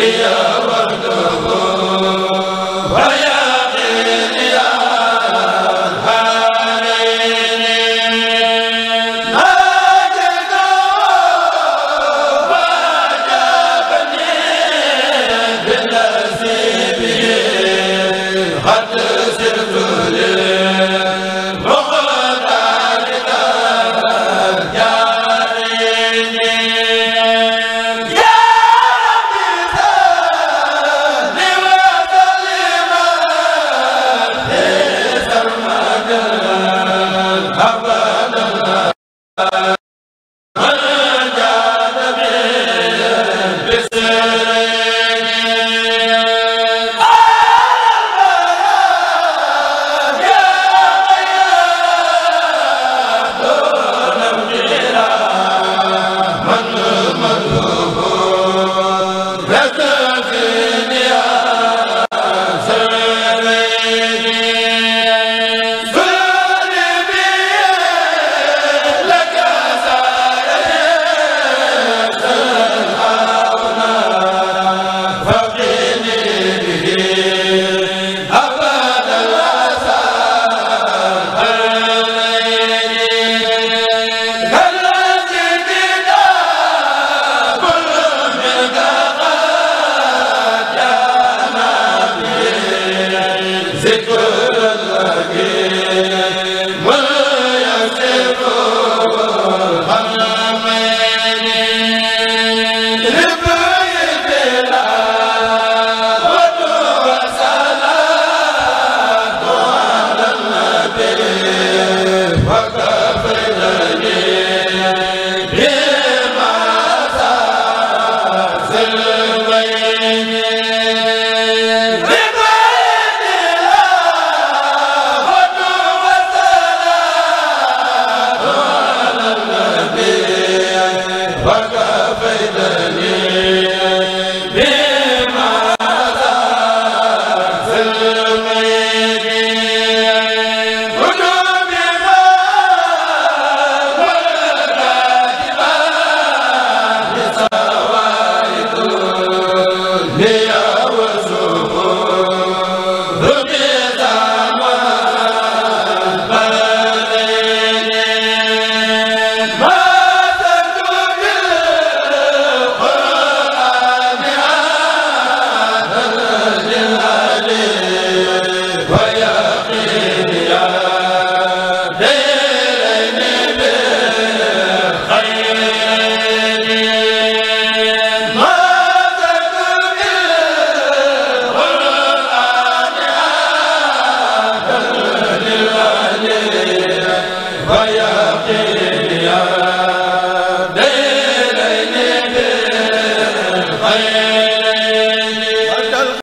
li wa